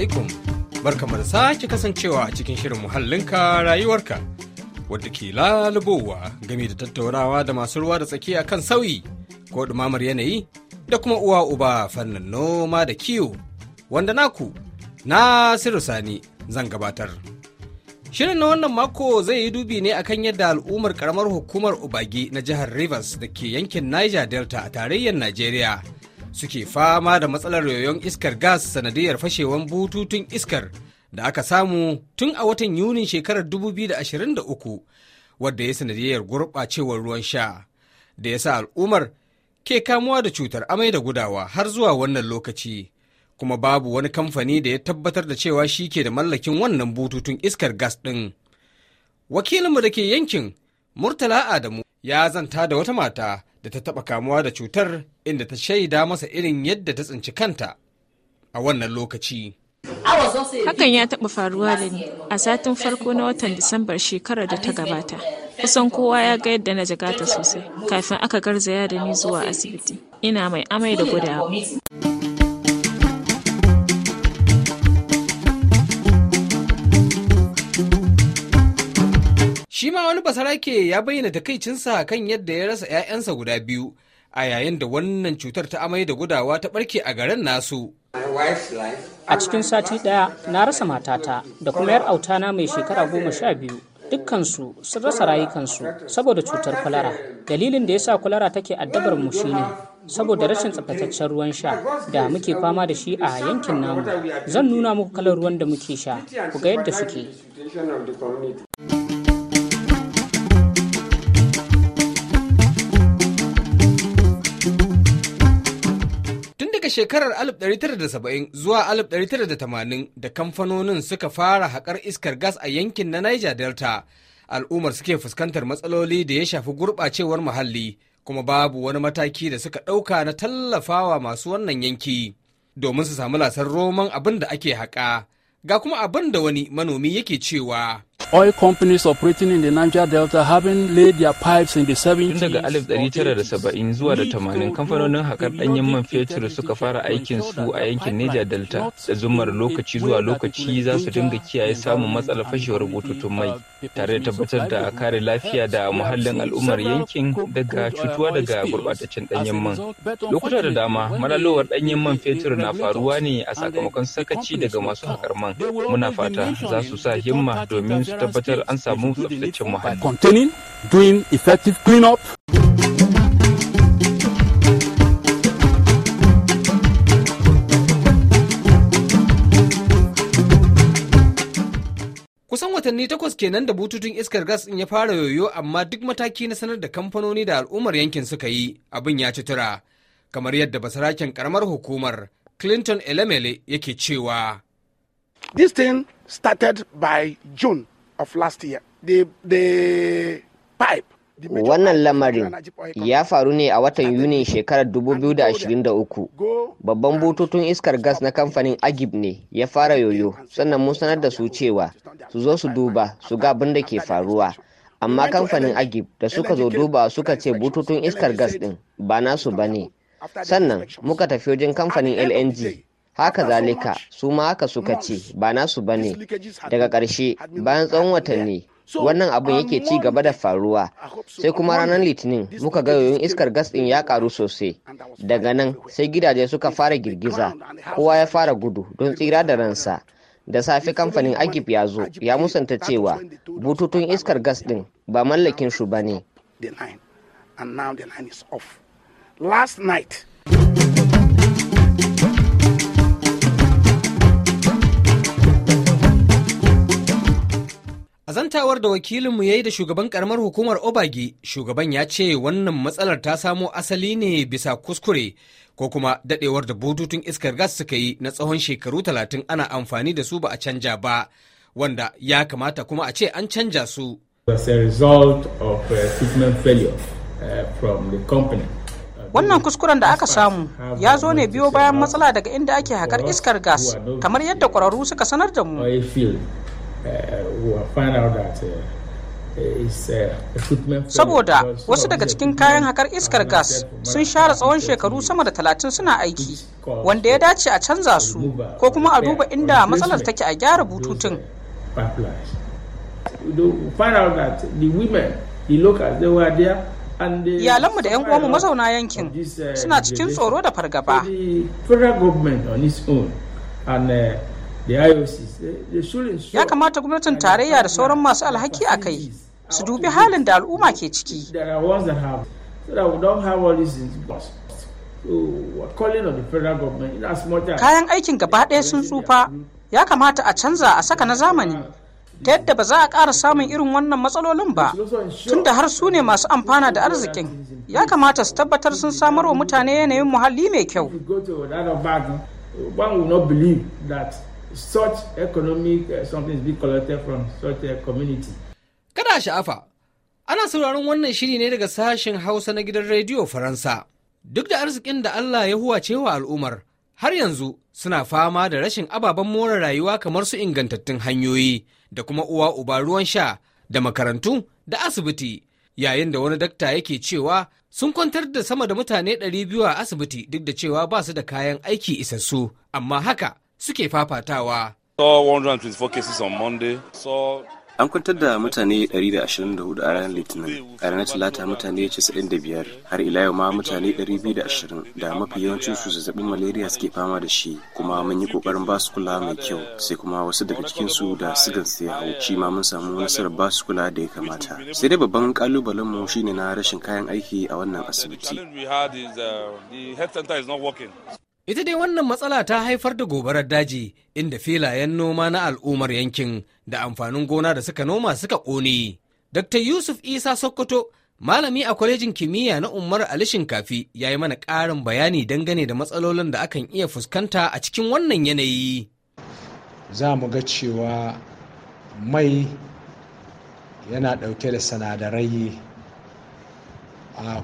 alaikum barkamu da sake kasancewa a cikin shirin muhallinka rayuwarka wadda ke lalubowa game da tattaunawa da masu ruwa da tsaki a kan sauyi ko ɗumamar yanayi da kuma uwa uba fannin noma da kiwo wanda naku nasiru sani zan gabatar shirin na wannan mako zai yi dubi ne akan yadda al'ummar karamar hukumar ubagi na jihar rivers da ke yankin niger delta a tarayyar najeriya suke fama da matsalar yoyon iskar gas sanadiyar fashewan bututun iskar da aka samu tun a watan yunin shekarar 2023 wadda ya sanadiyar gurɓacewar ruwan sha da ya sa al'ummar ke kamuwa da cutar amai da gudawa har zuwa wannan lokaci kuma babu wani kamfani da ya tabbatar da cewa shi ke da mallakin wannan bututun iskar gas ɗin. Wakilinmu da ke yankin Murtala Adamu ya zanta da wata mata da ta taɓa kamuwa da cutar inda ta shaida masa irin yadda ta tsinci kanta a wannan lokaci. Hakan ya taɓa faruwa da ni a satin farko na watan Disambar shekarar da ta gabata. Kusan kowa ya ga yadda na jagata sosai kafin aka garzaya da ni zuwa asibiti. Ina mai amai da gudawa. Shi ma wani basarake ya bayyana takaicinsa kan yadda ya rasa 'ya'yansa guda biyu a yayin da wannan cutar ta amai da gudawa ta barke a garin nasu. A cikin sati ɗaya na rasa matata da kuma 'yar autana mai shekara goma sha biyu dukkansu sun rasa rayukansu saboda cutar kwalara dalilin da ya sa kwalara take addabar mu shine saboda rashin tsabtataccen ruwan sha da muke fama da shi a yankin namu zan nuna muku kalar ruwan da muke sha ku ga yadda suke A shekarar 1970 zuwa 1980 da kamfanonin suka fara haƙar iskar gas a yankin na Niger Delta, al'ummar suke fuskantar matsaloli da ya shafi gurɓacewar muhalli, kuma babu wani mataki da suka ɗauka na tallafawa masu wannan yanki domin su sami lasar roman abin da ake haƙa. Ga kuma abin da wani manomi yake cewa. Oil companies operating in the Niger Delta having laid their pipes in the 70s. Tun daga 1970 zuwa da 80 kamfanonin haƙar ɗanyen man fetur suka fara aikin su a yankin Niger Delta da zumar lokaci zuwa lokaci za su dinga kiyaye samun matsalar fashewar bututun mai tare da tabbatar da kare lafiya da muhallin al'ummar yankin daga cutuwa daga gurɓataccen ɗanyen man. Lokuta da dama malalowar ɗanyen man fetur na faruwa ne a sakamakon sakaci daga masu haƙar man. musamman muna fata za su sa himma domin su tabbatar an samu tsaftacen muhalli. Kusan watanni takwas kenan da bututun iskar gas in ya fara yoyo amma duk mataki na sanar da kamfanoni da al'ummar yankin suka yi abin ya ci tura. Kamar yadda basaraken karamar hukumar Clinton Elemele yake cewa. This thing started by June of last year. The, the pipe Wannan lamarin ya faru ne a watan Yuni shekarar 2023. Babban bututun iskar gas na kamfanin Agib ne ya fara yoyo, sannan mun sanar da su cewa su zo su duba su ga abin da ke faruwa. Amma kamfanin Agib da suka zo duba suka ce bututun iskar gas ɗin ba nasu ba ne. Sannan muka tafi wajen kamfanin LNG haka zalika su ma haka suka ce ba nasu ba ne daga ƙarshe bayan tsawon watanni wannan abin yake ci gaba da faruwa sai kuma ranar litinin muka ga yoyin iskar gas ɗin ya karu sosai daga nan sai gidaje suka fara girgiza kowa ya fara gudu don tsira da ransa da safe kamfanin agip ya zo ya musanta cewa bututun iskar gas ɗin ba mallakin su ba ne last night A zantawar da wakilinmu ya yi da shugaban karamar hukumar obage shugaban ya ce wannan matsalar ta samo asali ne bisa kuskure ko kuma dadewar da bututun iskar gas suka yi na tsawon shekaru talatin ana amfani da su ba a canja ba, wanda ya kamata kuma a ce an canja su. Uh, uh, wannan kuskuren da aka samu ya zo ne biyo bayan matsala daga inda ake hakar iskar gas kamar yadda kwararru suka sanar da mu Uh, uh, uh, Saboda wasu daga cikin kayan hakar iskar gas sun share tsawon shekaru sama da talatin suna aiki wanda ya dace a canza su ko kuma a duba inda matsalar take a gyara bututun. Iyalanmu da 'yan uwanmu mazauna yankin suna cikin tsoro da fargaba. Eh, ya kamata gwamnatin tarayya da sauran masu alhaki a kai su dubi halin da al'umma ke ciki kayan aikin gaba ɗaya sun tsufa ya kamata a canza a saka na zamani ta yadda ba za a ƙara samun irin wannan matsalolin ba tunda har su ne masu amfana da arzikin ya kamata su tabbatar sun samar wa mutane yanayin muhalli mai kyau such economic uh, something be collected from such a eh, community. Kada sha'afa, ana sauraron wannan shiri ne daga sashen Hausa na gidan rediyo Faransa. Duk da arzikin da Allah ya huwace wa al'ummar, har yanzu suna fama da rashin ababen more rayuwa kamar su ingantattun hanyoyi da kuma uwa uba ruwan sha da makarantu da asibiti. Yayin da wani dakta yake cewa sun kwantar da sama da mutane 200 a asibiti duk da cewa ba su da kayan aiki isassu, amma haka suke fafatawa. An kwantar da mutane 124 a ranar Litinin, a ranar Talata mutane 95 har ila yau ma mutane 220 da mafi yawancin su zazzabin malaria suke fama da shi kuma mun yi kokarin basu kula mai kyau sai kuma wasu daga cikin su da sigan su ya hau shi ma mun samu nasarar basu kula da ya kamata. Sai dai babban kalubalen mu shine na rashin kayan aiki a wannan asibiti. Ita dai wannan matsala ta haifar da gobarar daji inda filayen noma na al'ummar yankin da amfanin gona da suka noma suka ƙone. Dr. Yusuf Isa Sokoto, malami a kwalejin kimiyya na Umar Ali Shinkafi, ya yi mana ƙarin bayani dangane da matsalolin da akan iya fuskanta a cikin wannan yanayi. Za mu ga cewa mai yana ɗauke da sinadarai,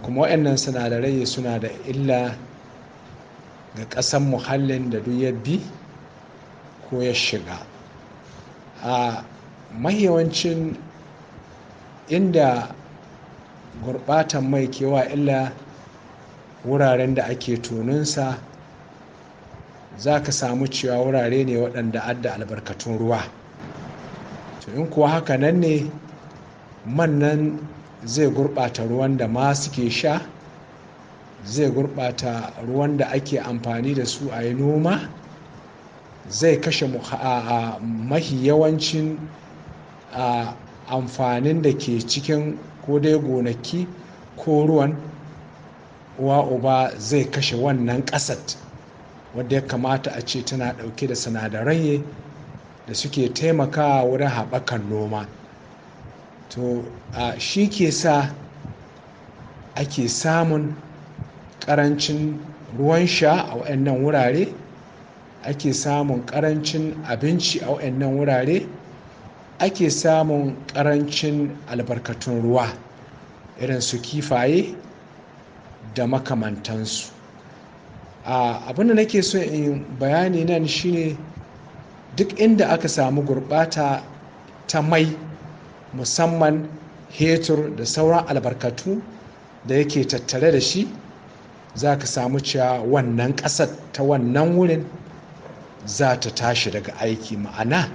kuma waɗannan sinadarai suna da illa ga ƙasan muhallin da duk ya bi ko ya shiga a mahiyawancin inda gurɓatan mai kewa illa wuraren da ake tuninsa za ka samu cewa wurare ne waɗanda adda albarkatun ruwa to in kuwa haka nan ne man nan zai gurɓata ruwan da ma suke sha zai gurɓata ruwan da ake amfani da su a yi noma zai kashe mahi yawancin amfanin da ke cikin ko dai gonaki ko ruwan uwa uba zai kashe wannan ƙasat wadda ya kamata a ce tana ɗauke da sinadarai da suke taimakawa wurin haɓakan noma to shi ke sa ake samun ƙarancin ruwan sha a waɗannan wurare ake samun ƙarancin abinci a waɗannan wurare ake samun ƙarancin albarkatun ruwa irin su kifaye da makamantansu abin da nake so in bayani nan shine duk inda aka samu gurbata ta mai musamman hetur da sauran albarkatu da yake tattare da shi za ka samu cewa wannan ƙasar ta wannan wurin za ta tashi daga aiki ma'ana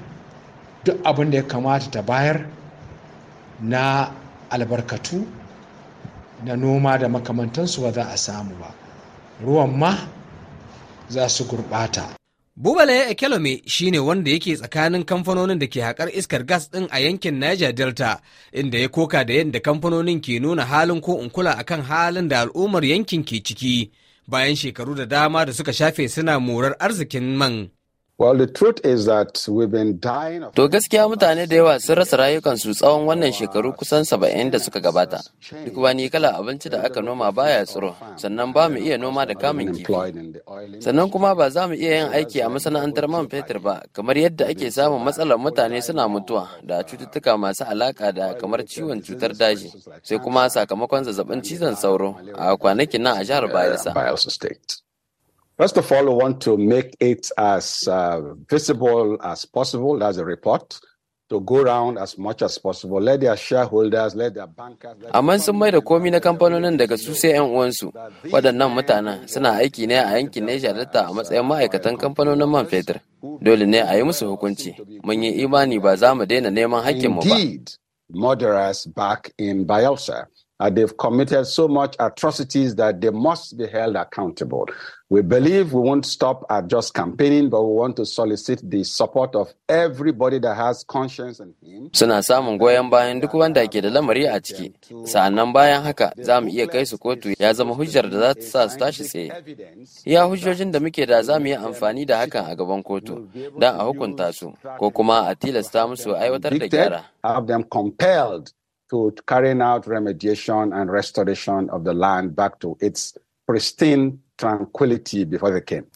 duk abin da ya kamata ta bayar na albarkatu na noma da makamantansu ba za a samu ba ruwan ma za su gurɓata Bubale Ekelome shi ne wanda yake tsakanin kamfanonin da ke haƙar iskar gas ɗin a yankin Niger Delta, inda ya koka da yadda kamfanonin ke nuna halin ko in kula a kan halin da al'ummar yankin ke ciki, bayan shekaru da dama da suka shafe suna morar arzikin man. To gaskiya mutane da yawa sun rasa rayukansu tsawon wannan shekaru kusan saba'in da suka gabata. Duk wani kala abinci da aka noma baya tsiro, sannan ba mu iya noma da kamun kifi. Sannan kuma ba za mu iya yin aiki a masana'antar man fetur ba, kamar yadda ake samun matsalar mutane suna mutuwa da cututtuka masu alaka da kamar ciwon cutar daji. Sai kuma sakamakon zazzabin cizon sauro a kwanakin nan a jihar Bayelsa. First of all, we want to make it as uh, visible as possible. as a report to go around as much as possible. Let their shareholders, let their bankers. Amma sun mai da komi na kamfanonin daga su sai 'yan uwansu. Waɗannan mutanen suna aiki ne a yankin Niger Delta a matsayin ma'aikatan kamfanonin man fetur. Dole ne a yi musu hukunci. Mun yi imani ba za mu daina neman hakkinmu ba. Indeed, murderers back in Bielsa. Uh, they've committed so much atrocities that they must be held accountable. We believe we won't stop at just campaigning, but we want to solicit the support of everybody that has conscience in him. Suna samun goyon bayan duk wanda ke da lamari a ciki, sa'annan bayan haka za mu iya kai su kotu ya zama hujjar da za ta sa su tashi tsaye. Ya hujjojin da muke da za mu yi amfani da hakan a gaban kotu don a hukunta su, ko kuma a tilasta musu aiwatar da gyara. Have them compelled to carrying out remediation and restoration of the land back to its pristine tranquility before they came.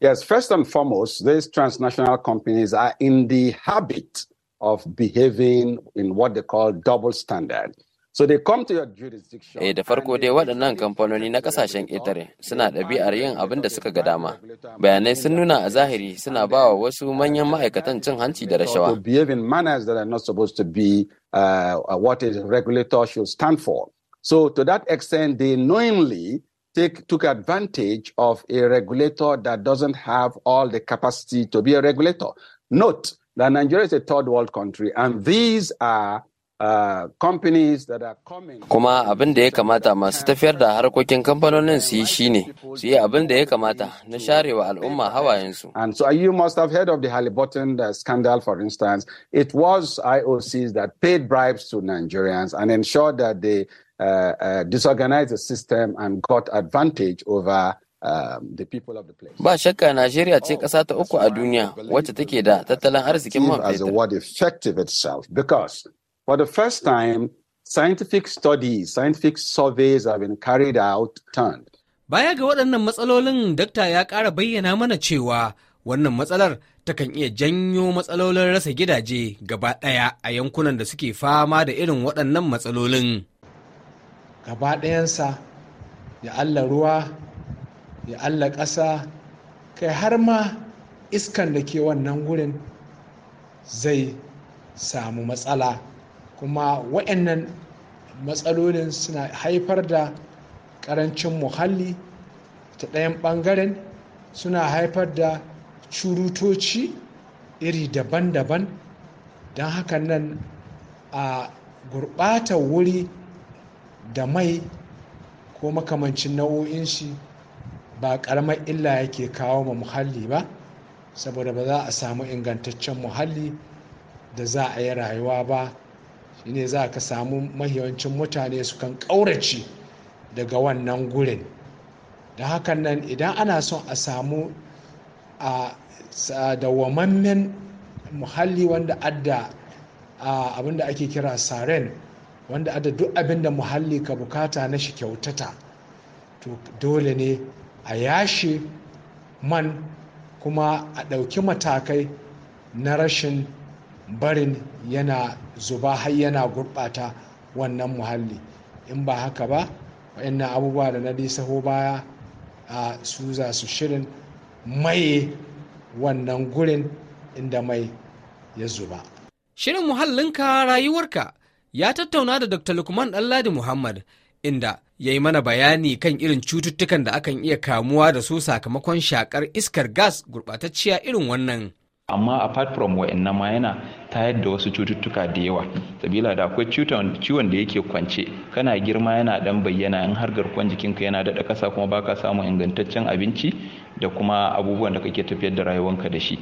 Yes, first and foremost, these transnational companies are in the habit of behaving in what they call double standard. So they come to your jurisdiction. Eh da farko dai waɗannan kamfanoni na kasashen ƙetare suna ɗabi'ar yin abin da suka ga dama. Bayanai sun nuna a zahiri suna ba wa wasu manyan ma'aikatan cin hanci da rashawa. behave in manners that are not supposed to be uh, uh, what a regulator should stand for. So, to that extent, they knowingly take, took advantage of a regulator that doesn't have all the capacity to be a regulator. Note that Nigeria is a third world country, and these are uh, Kuma abin da ya kamata masu tafiyar da harkokin kamfanonin su yi shi ne, su yi abin da ya kamata na sharewa al'umma hawayensu. And so you must have heard of the Halliburton scandal, for instance. It was IOCs that paid bribes to Nigerians and ensured that they uh, uh, disorganized the system and got advantage over um, Ba shakka Najeriya ce ƙasa ta uku a duniya wacce take da tattalin arzikin man fetur. For the first time, scientific studies, scientific surveys have been carried out turned. Baya ga waɗannan matsalolin, dakta ya ƙara bayyana mana cewa wannan matsalar takan iya janyo matsalolin rasa gidaje gaba ɗaya a yankunan da suke fama da irin waɗannan matsalolin. Gaba ɗayansa, ya Allah ruwa, ya Allah ƙasa, kai har ma iskan da ke wannan wurin zai samu matsala. kuma waɗannan matsalolin suna haifar da ƙarancin muhalli ta ɗayan ɓangaren suna haifar da curutoci iri daban-daban don hakan nan a gurɓata wuri da mai ko makamancin nau'o'in shi ba ƙaramar illa yake kawo ma muhalli ba saboda ba za a samu ingantaccen muhalli da za a yi rayuwa ba shine za ka samu mahiyancin mutane su kan ƙaurace daga wannan gurin da hakan nan idan ana son a samu a dawamammen muhalli wanda adda abinda ake kira saren wanda adda duk abinda muhalli ka bukata na shi kyautata to dole ne a yashe man kuma a ɗauki matakai na rashin barin yana zuba har yana gurɓata wannan muhalli in ba haka ba waɗannan abubuwa da na saho baya a su za su shirin maye wannan gurin inda mai ya zuba shirin ka rayuwarka ya tattauna da dr lukman ɗanladi muhammad inda ya yi mana bayani kan irin cututtukan da akan iya kamuwa da su sakamakon shakar iskar gas gurɓatacciya irin wannan amma apart from wa'annan ma yana tayar da wasu cututtuka da yawa sabila da akwai ciwon da yake kwance kana girma yana dan bayyana in har garkuwan jikinka yana daɗa ƙasa kuma baka samun ingantaccen abinci da kuma abubuwan da kake tafiyar da rayuwanka da shi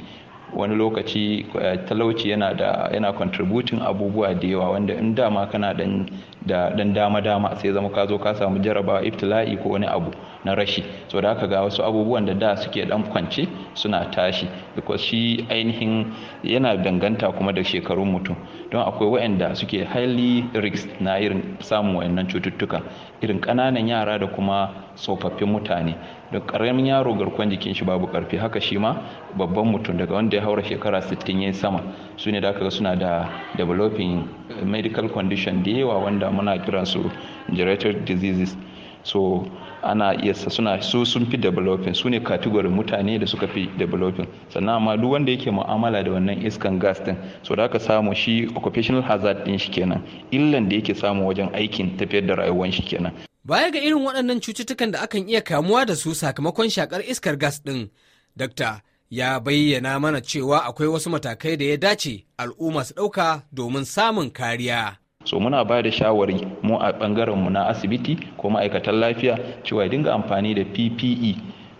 wani lokaci eh, talauci yana da yana contributing abubuwa da yawa wanda in dama kana dan da dan dama dama sai zama ka zo ka samu jaraba ibtila'i ko wani abu na rashi so da haka ga wasu abubuwan da da suke dan kwance suna tashi because shi ainihin yana danganta kuma da shekarun mutum don akwai wayanda suke highly risk na irin samun wayannan cututtuka irin ƙananan yara da kuma tsofaffin mutane da ƙaramin yaro garkuwan jikin shi babu karfi haka shi ma babban mutum daga wanda ya haura shekara 60 ya sama su ne da aka ga suna da developing medical condition da yawa wanda muna su geriatric diseases so ana iya suna su sun fi developing su ne kategorin mutane da suka fi developing sannan amma duk wanda yake mu'amala da wannan iskan gas din so da aka samu shi occupational hazard din shi kenan illan da yake samu wajen aikin tafiyar da rayuwar shi kenan baya ga irin waɗannan cututtukan da akan iya kamuwa da su sakamakon shakar iskar gas din dakta ya bayyana mana cewa akwai wasu matakai da ya dace al'umma su ɗauka domin samun kariya. so muna ba da shawari mu a mu na asibiti ko ma'aikatan lafiya cewa dinga amfani da ppe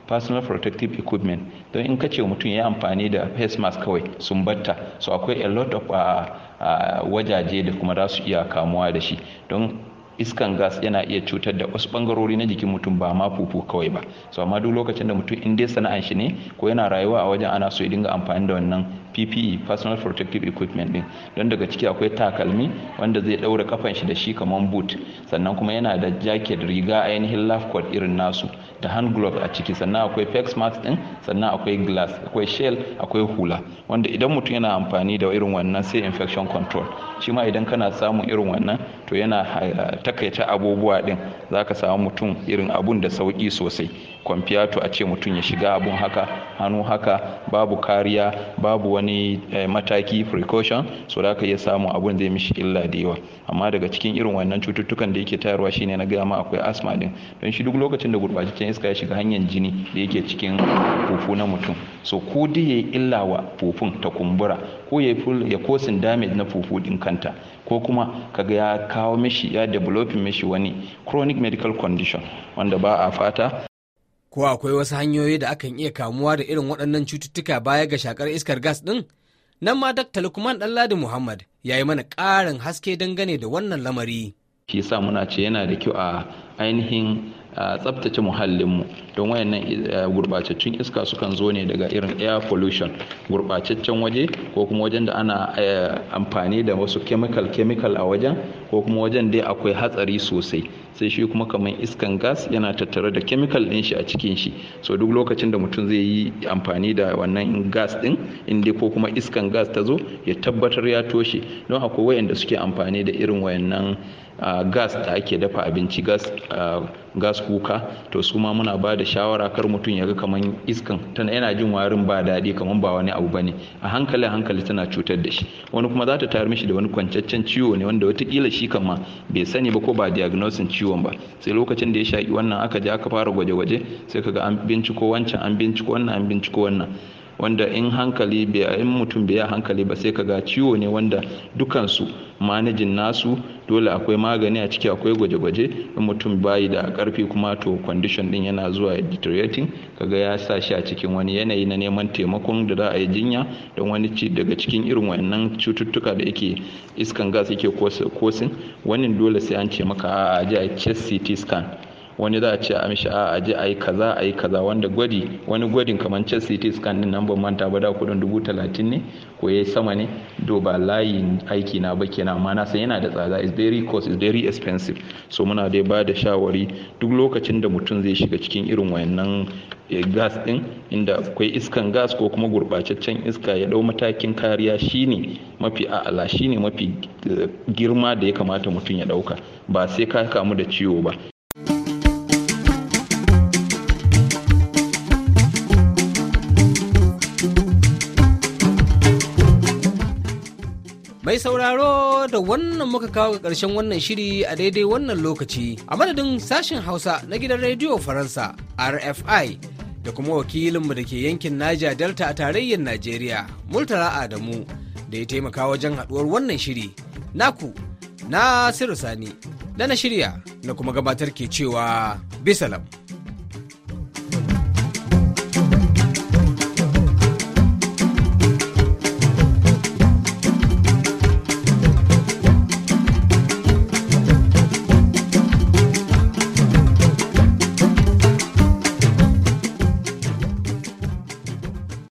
personal protective equipment don in kace mutum ya amfani da face mask kawai sun batta so akwai a lot of ah, ah, wajaje da kuma za su iya kamuwa da shi don iskan gas yana iya cutar da wasu bangarori na jikin mutum ba ma fufu kawai ba so amma duk lokacin da mutum in dai sana'an shi ne ko yana rayuwa a wajen ana so ya dinga amfani da wannan PPE personal protective equipment din don daga ciki akwai takalmi wanda zai daura kafan shi da shi kamar boot sannan kuma yana da jacket riga ainihin life coat irin nasu da hand glove a ciki sannan akwai face mask din sannan akwai glass akwai shell akwai hula wanda idan mutum yana amfani da irin wannan sai infection control shi ma idan kana samun irin wannan to yana eh, takaita abubuwa din za ka samu mutum irin abun da sauƙi sosai Kwamfiyatu a ce mutum ya shiga abun haka hannu haka babu kariya babu wani eh, mataki precaution so da ka iya samun abun zai mishi illa da yawa amma daga cikin irin wannan cututtukan da yake tayarwa shine na gama akwai asma din don shi duk lokacin da gurbataccen iska ya shiga hanyar jini da yake cikin fufu na mutum so ko dai yayi illa wa fufun ta kumbura ko ya ya kosin damage na fufu din kanta ko kuma kaga ya kawo mishi ya developing mishi wani chronic medical condition wanda ba a fata Ko akwai wasu hanyoyi da akan iya kamuwa da irin waɗannan cututtuka baya ga shakar iskar gas ɗin? Nan ma Dr. Lukman Ɗanladi Muhammad ya yi mana ƙarin haske dangane da wannan lamari. Shi yasa muna ce yana da kyau a ainihin tsabtace muhallinmu don wayannan e, gurbataccen iska sukan zo ne daga irin air pollution gurbataccen waje ko kuma wajen da ana e, amfani da wasu chemical chemical a wajen ko kuma wajen dai akwai hatsari sosai sai shi kuma kamar iskan gas yana tattare da chemical din shi a cikin shi so duk lokacin da mutum zai yi amfani da wannan gas din inda ko kuma iskan gas ta zo ya tabbatar ya toshe don akwai wayanda suke amfani da irin wayannan Uh, gas da ake dafa abinci gas kuka to su ma muna ba da shawara kar mutum ya ga kaman iskan tana yana jin warin ba daɗi kamar ba wani abu bane a hankali hankali tana cutar da shi wani kuma za ta tayar mishi da wani kwancaccen ciwo ne wanda watakila shi shi kan bai sani ba ko ba diagnosin ciwon ba sai lokacin da ya shaƙi wannan aka je aka fara gwaje-gwaje sai kaga an binciko wancan an binciko wannan an binciko wannan wanda in hankali bai in mutum bai hankali ba sai kaga ciwo ne wanda dukansu manajin nasu dole akwai magani a ciki akwai gwaje-gwaje in mutum bayi da karfi kuma to condition din yana zuwa deteriorating kaga ya sa shi a cikin wani yanayi na neman taimakon da za a yi jinya don wani ci daga cikin irin wayannan cututtuka da yake iskan gas yake kosin wannan dole sai an ce maka a je a chest CT scan wani za a ce a mishi a aje a yi kaza a yi kaza wanda gwadi wani gwadin kamar chest ct scan din nan ban manta ba da kudin dubu talatin ne ko sama ne do ba layin aiki na ba kenan amma na yana da tsada is very cost is very expensive so muna dai ba da shawari duk lokacin da mutum zai shiga cikin irin wayannan eh, gas din inda akwai iskan gas ko kuma gurbataccen iska ya dau matakin kariya shine mafi a'ala shine mafi eh, girma da ya kamata mutum ya ɗauka ba sai ka kamu da ciwo ba Mai sauraro da wannan muka kawo ga ƙarshen wannan shiri a daidai wannan lokaci a madadin sashen Hausa na gidan Rediyo Faransa RFI da kuma wakilinmu da ke yankin Naja Delta a tarayyar Najeriya Murtala Adamu da ya taimaka wajen haɗuwar wannan shiri. Naku Nasiru Sani da na shirya na kuma gabatar ke cewa bisalam.